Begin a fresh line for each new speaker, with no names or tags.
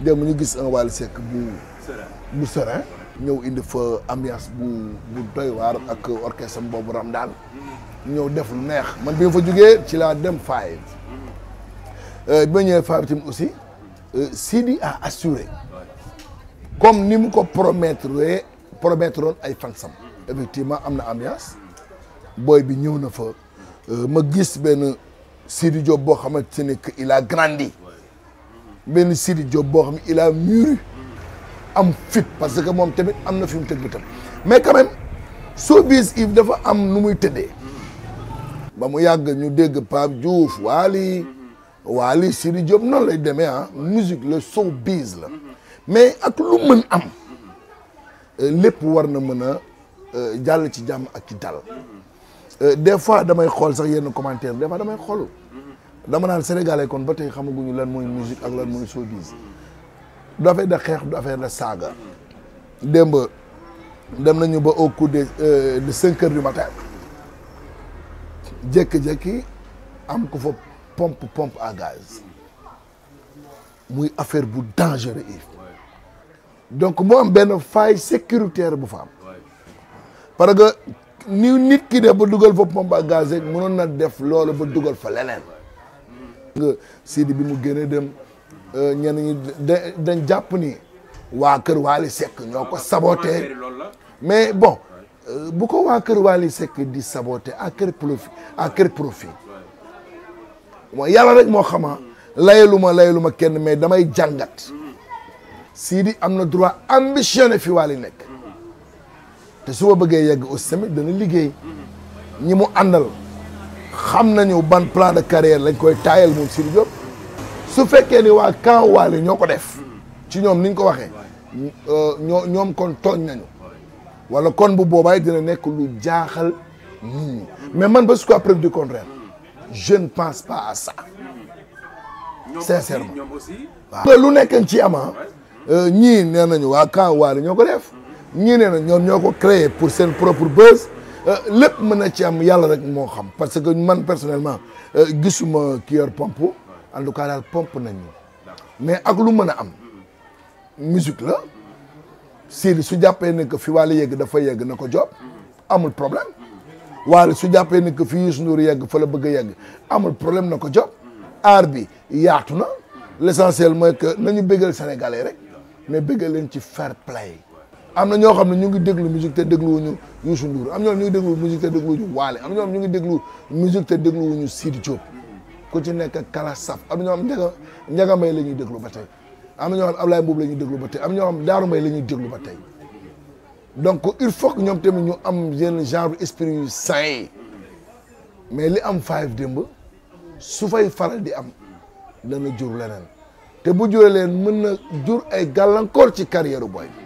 démb ñu gis un Wally Seck bu bu ñëw indi fa ambiance bu bu waar ak orchestre boobu ram daal mm-hmm. ñëw def lu neex man bi nga fa jógee ci laa dem Five mm-hmm. euh, bi ma ñëwee Five tamit aussi euh, Sidi a assure comme ni mu ko promettre promettre woon ay fansam mm-hmm. effectivement am na ambiance booy bi ñëw na fa euh, ma gis benn Sidi Diop boo xamante ne que il a grandi benn Sidi Diop boo xam ne il a mûri am fit parce que moom tamit am na fi mu tëgg bi tam mais quand même showbiz Yves dafa am nu muy tëddee ba mu yàgg ñu dégg Pape Diouf Waly Waly Sidi Diop noonu lay demee ah musique la showbiz la mais ak lu mën am euh, lépp war na mën a euh, jàll ci jàmm ak ci dal euh, des damay xool sax yenn commentaire des fois damay xool dama naan sénégalais kon ba tey ñu lan mooy musique ak lan mooy showbiz du affaire de xeex du affaire de saaga démb dem nañu ba au coup de euh, de cinq heures du matin jékki-jékki am ko fa pompe pomp à gaz muy affaire bu dangereux donc moo am benn faille sécuritaire bu fa am que ni nit ki def ba dugal fa pompe à gaz rek mënoon na def loolu ba dugal fa leneen nga Sidi bi mu gën a dem euh, ñenn ñi dañ jàpp ni waa kër Waly Seck ñoo ko saboté mais bon euh, bu ko waa kër Waly Seck di saboté à quel profit à quel profit mooy yàlla rek moo xama layaluma layaluma kenn mais damay jàngat Sidi am na droit ambitionné fi Waly nekk te su ma bëggee yegg aussi tamit dana liggéey ñi mu àndal xam nañu ban plan de carrière lañ koy taayal moom Sidy Diop su fekkee ni waa camp Waly ñoo ko def ci ñoom ni ko waxee ñoo ñoom kon tooñ nañu wala kon bu boobaay dina nekk lu jaaxal nit mais man ba su ko preuve du contraire je ne pense pas à ça sincèrement waaw lu nekk ci ama ah, ñii neen nañu waa camp Waly ñoo ko def ñii nee nañ ñoom ñoo ko créé pour seen propre buzz Euh, lépp mën na ci am yàlla rek moo xam parce que man personnellement euh, gisuma ki yor pompe en tout cas daal pompe nañu mais ak lu mën a am musique la Sidi su jàppee ne que fi Wally yegg dafa yegg na ko job amul problème Wally su jàppee ne que fi Youssou Ndour yegg fa bëgg a yegg amul problème na ko job aar bi yaatu na l' essentiel mooy que nañu bëggal sénégalais rek mais bëggal leen ci fair play am na ñoo xam ne ñu ngi déglu musique te dégluwuñu Youssou Ndour am ñoom ñu ngi déglu musique te dégluwuñu Waale am ñoom ñu ngi déglu musique te dégluwuñu Sidi Diop ku ci nekk kala saf am ñoo xam njaga njaga mbay la ñuy déglu ba tey am ñoo xam Ablaye Mbuub la ñuy déglu ba tey am ñoo xam Daaru Mbay la ñuy déglu ba tey donc il faut que ñoom tamit ñu am yenn genre esprit yu sain mais li am five démb su fay faral di am na jur leneen te bu juree leen mën na jur ay gàllankoor ci carrière booy